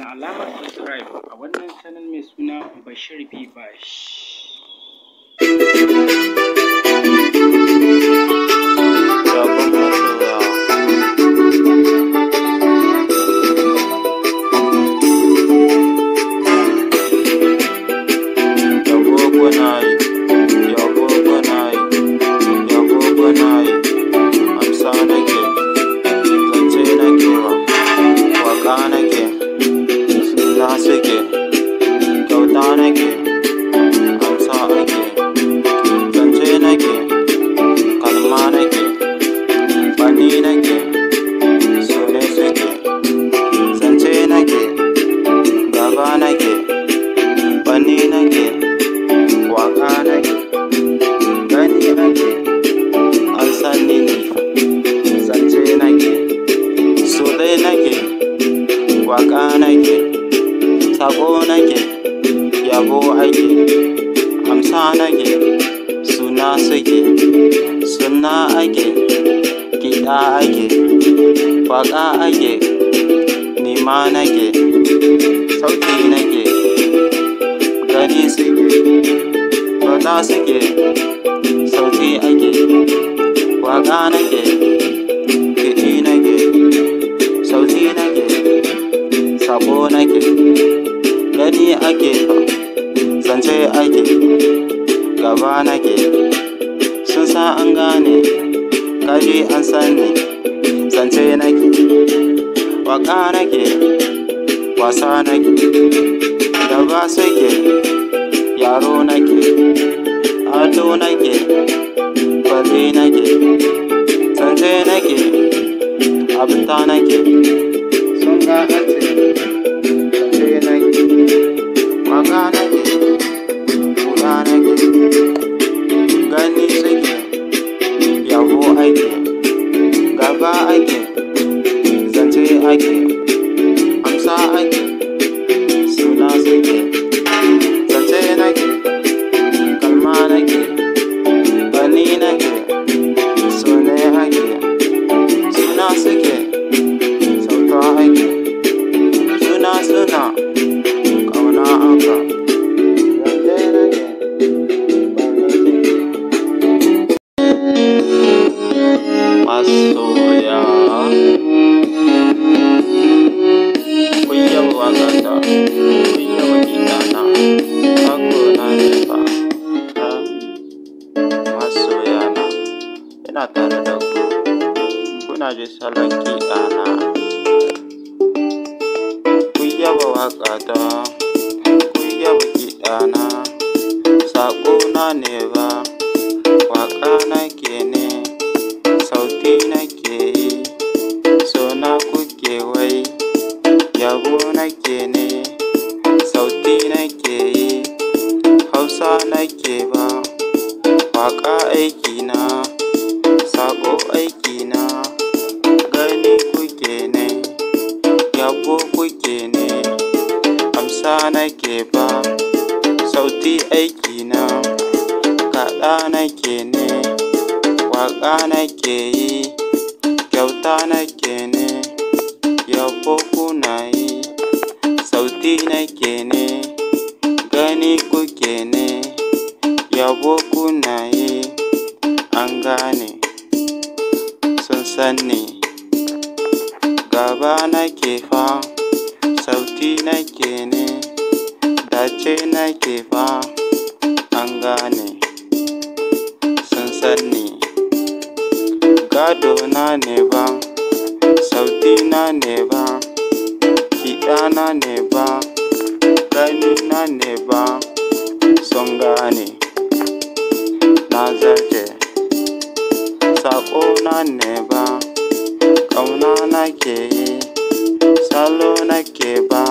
da alamar subscribe a wannan channel mai suna Bashir B Bash. ina suke sauti ake waka nake kiɗi nake sauti nake sabo nake gani ake zance ake gaba nake sun sa an gane kaji an sani zance nake waka nake wasa nake gaba suke yaro nake Hato nake, fate nake, tsance nake, abinta nake, sun gagance, tsance nake, waka nake, kula nake, gani suke, yabo ake, gaba ake, zance ake, amsa ake. you nake ne, gani kuke ne, yabo kuna yi, an gane, sun san Gaba nake fa, sauti nake ne, dace na fa, an gane, sun san Gado na ne ba, sauti na ne ba. na ne ba na ne ba sun gane na zarce saƙo na ne ba ƙauna nake yi salo nake ba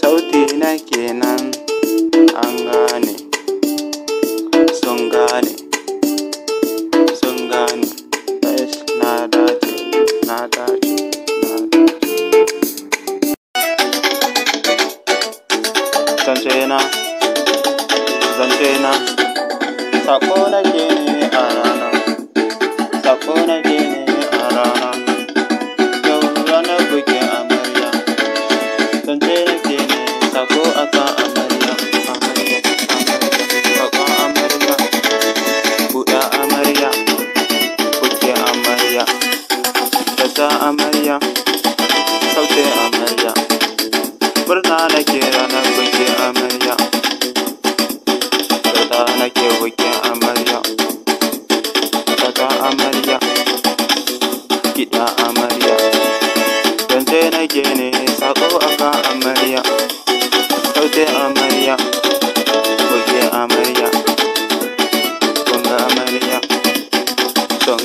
sauti nake na loco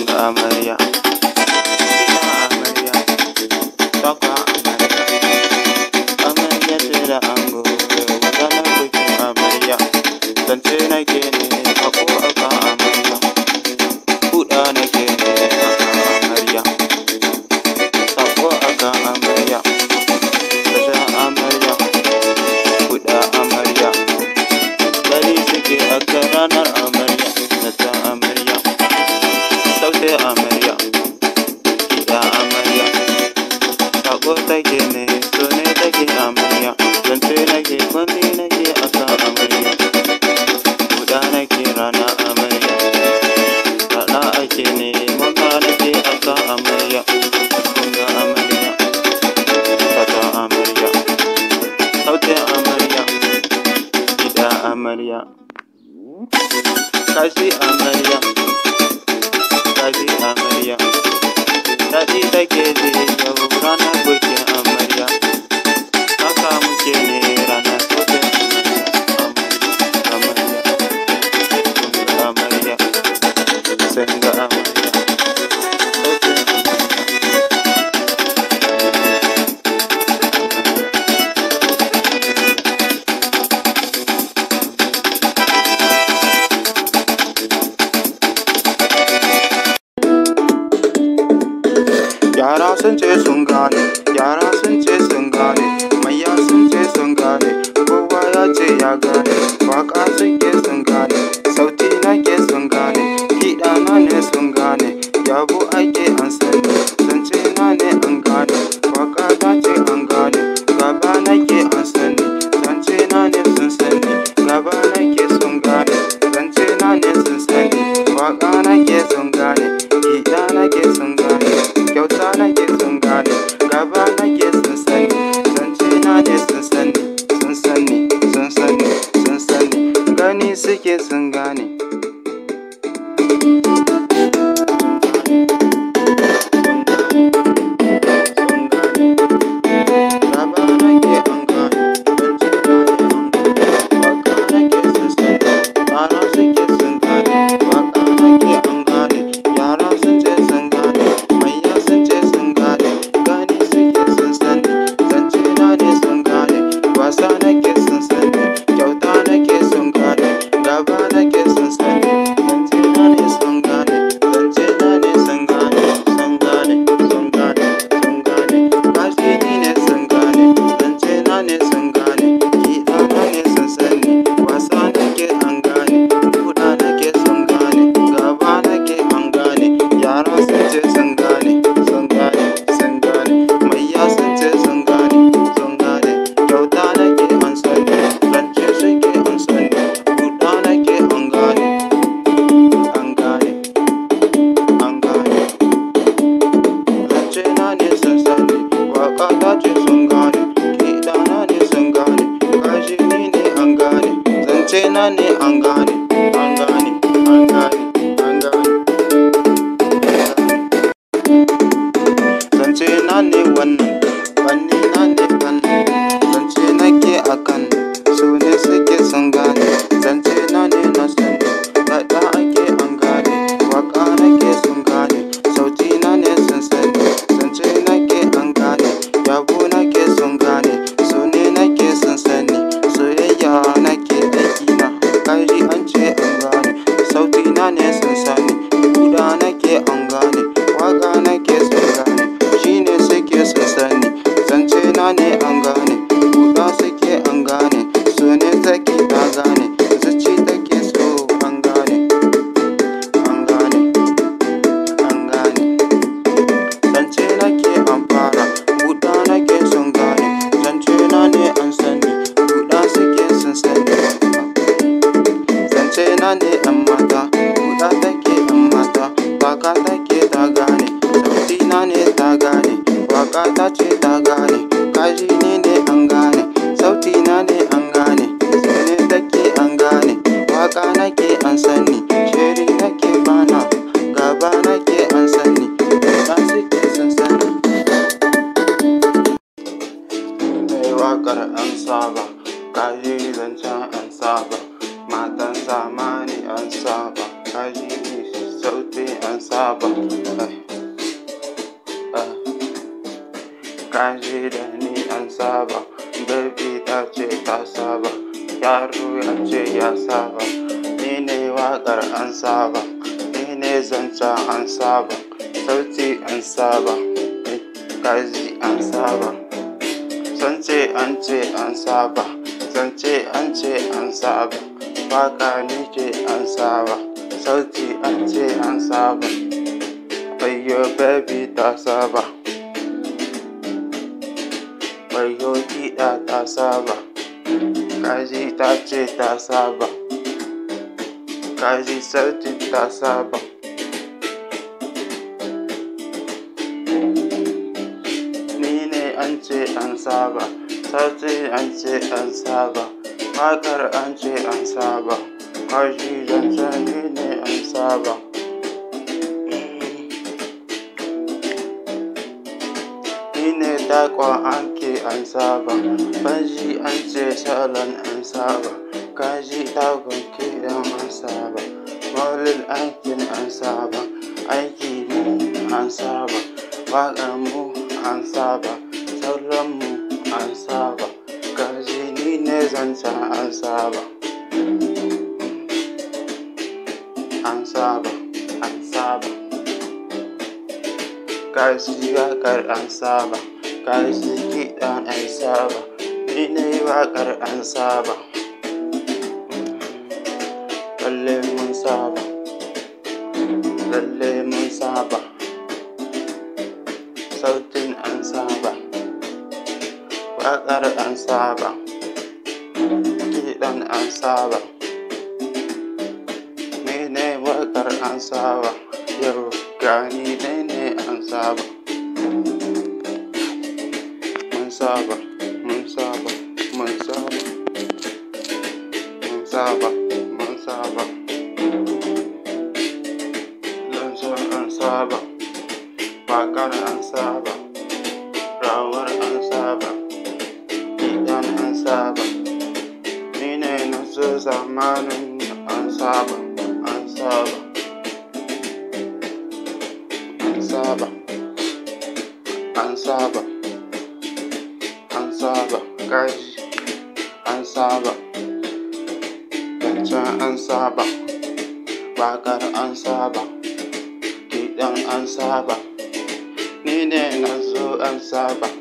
a America. na ji da ni an saba baby ta ce ta saba yaro ya ce ya saba ni ne waƙar an saba ni ne zanta an saba sauti an saba eh, kaji an saba sance an ce an saba sance an ce an saba waƙa ni ce an saba sauti an ce an saba ayyo baby ta saba ta ta saba. Kaji ta ce ta saba. Kaji sautin ta saba. Ni ne an ce an saba. Sautin an ce an saba. Makar an ce an saba. Kaji zancen ni ne an saba. ne dakon an an saba faji an ce salon an saba kaji tagun kiɗan an saba maulil aikin an saba aiki mu an saba waƙar mu an saba sauran mu an saba kaji ni ne zanta an saba an saba an saba kaji waƙar an saba kaji waƙa an saba ni na yi waƙar an saba lalle mun saba lalle mun saba sautin an saba waƙar an saba kiɗan an saba mene waƙar an saba yau gani ne an saba saba mun saba mun saba mun saba mun saba lansan an saba bakar an saba rawar an saba gidan an saba ni ne na su zamanin an saba an saba an saba an saba gashi an saba zancen an saba waƙar an saba kiɗan an saba ni ne na zo an saba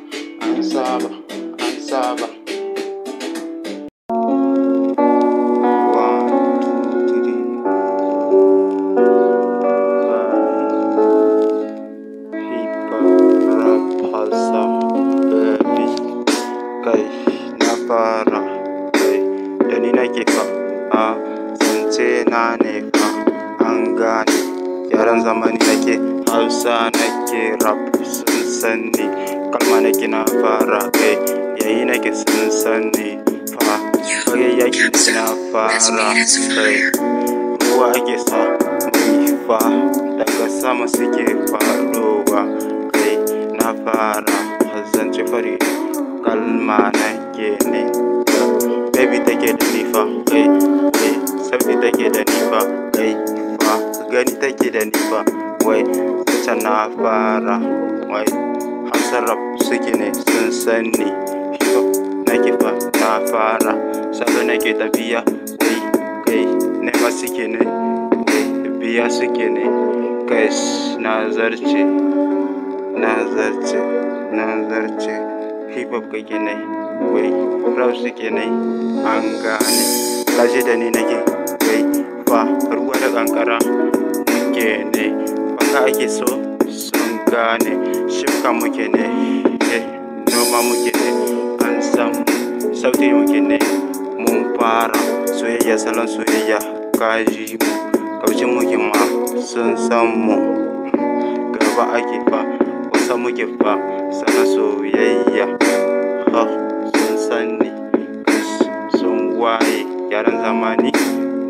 a zance na ne an gane yaran zamani nake hausa nake rap sun sani kalma nake na fara kai yayi nake sun sani fa fage yaki na fara kai ruwa ake sa mai fa daga sama suke faruwa kai na fara zance fari kalma nake ne baby take da nifa hey, hey, sabbi take da nifa hey, fa gani take da nifa wai ta na fara wai an sarraf suke it, sun sani shi na kifa na fara salo nake tafiya a kai hey, hey, never biya it, hey, kai na it, na zarce hip hop kake ne wai rausu nai an gane kaje da ni nake wai fa ruwa da kankara muke ne baka ake so sun gane shifka muke ne eh, noma muke ne an samu mu muke ne mun fara soyayya salon soyayya kaji mu kaucin muke ma sun san mu gaba ake fa kusa muke fa sana soyayya ha sani sun waye yaran zamani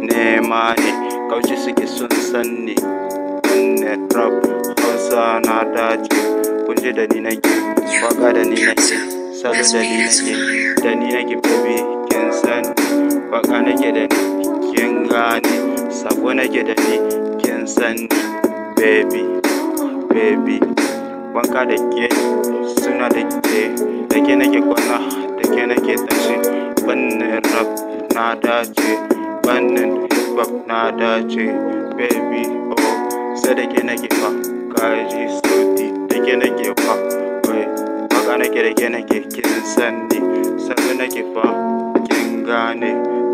nema ne kauce suke sun sani ne rap hausa na daji kunje da ni nake waka da ni nake salo da ni nake da ni nake baby kin sani waka nake da ni kin gane sabo nake da ni kin sani baby baby wanka da ke suna da ke da ke nake kwana can I get that shit? Bunnin' rap, not J. Bunnin' hip hop, nada J. Baby, oh, said they can I get pop. Kaji, so deep, they can I get pop. Wait, I'm gonna get again, can I get killing Sunday? Seven I get pop. Kingani,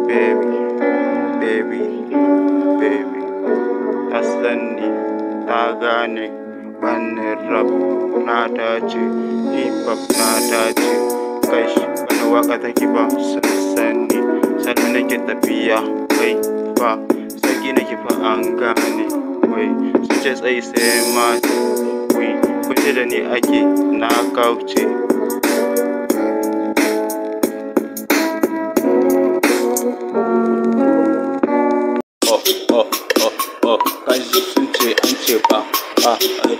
baby, baby, baby. That's Sunday, Tagani. Bunnin' rap, not J. Keep up, not J. kashi bana waka take ba sani sani nake tafiya wai fa sarki nake fa an gane wai sun ce tsayi sai ma wai kuce da ni ake na kauce Oh, oh, oh, oh, oh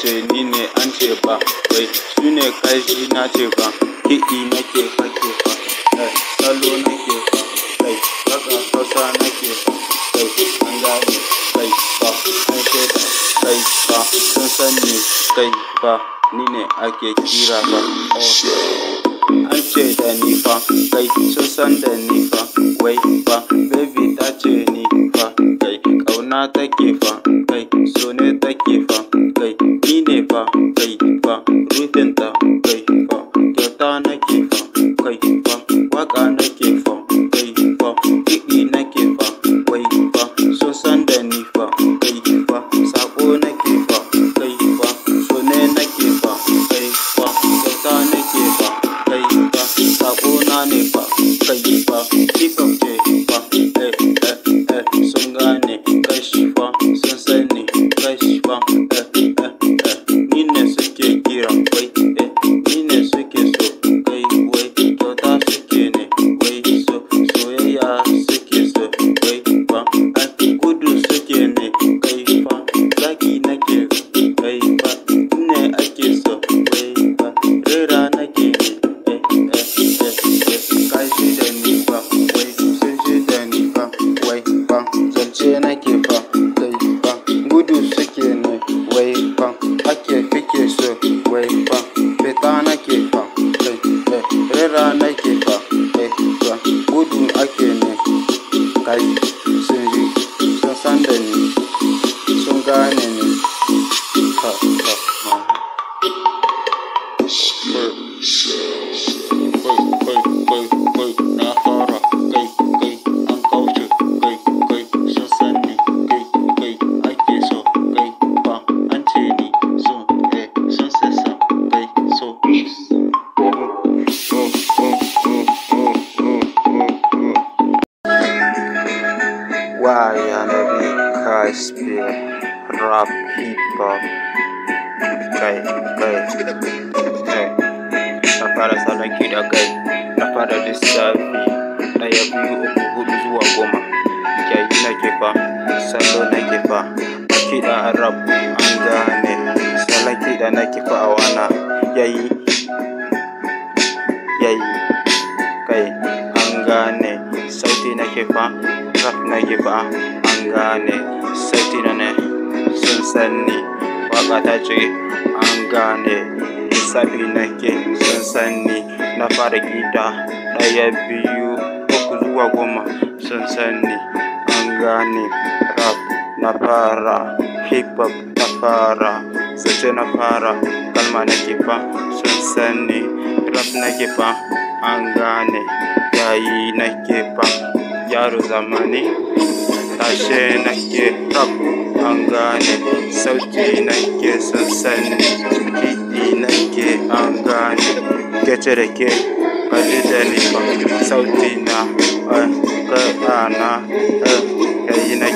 ce ni ne an ce ba wai su ne kashi na ce ba kiɗi nake fake fa kai salo ke fa kai waka na nake fa kai an gane kai ba an shaida kai ba sun sani kai ba ni ne ake kira ba an ce da ni fa kai sun san da ni fa wai ba baby ta ce ni fa kai ƙauna take fa kai so ne take fa ni ne fa kai fa rufin ta kai fa yanabi caspy rap hip hop kai kai kai na fara salon kiɗa kai na fara lissafi Ya biyu uku hudu zuwa goma kyayi na ke salo na ke fa a kiɗa rap an gane salon kiɗa na ke a wana yayi yayi kai an gane sauti na ke rap nake ba an gane satina ne sun sanni waka ta ce an gane lissafi nake sun sanni na fara gida ɗaya biyu uku zuwa goma sun sanni an gane rap na fara hip hop na fara sace na fara kalma nake fa sun sanni rap nake fa an gane yayi nake fa yaro zamani tashe nake rap an gane sauki nake son sani kiɗi nake an gane kece da ke kalli da liba sauti na ƙaƙana eh, eh, yayi nake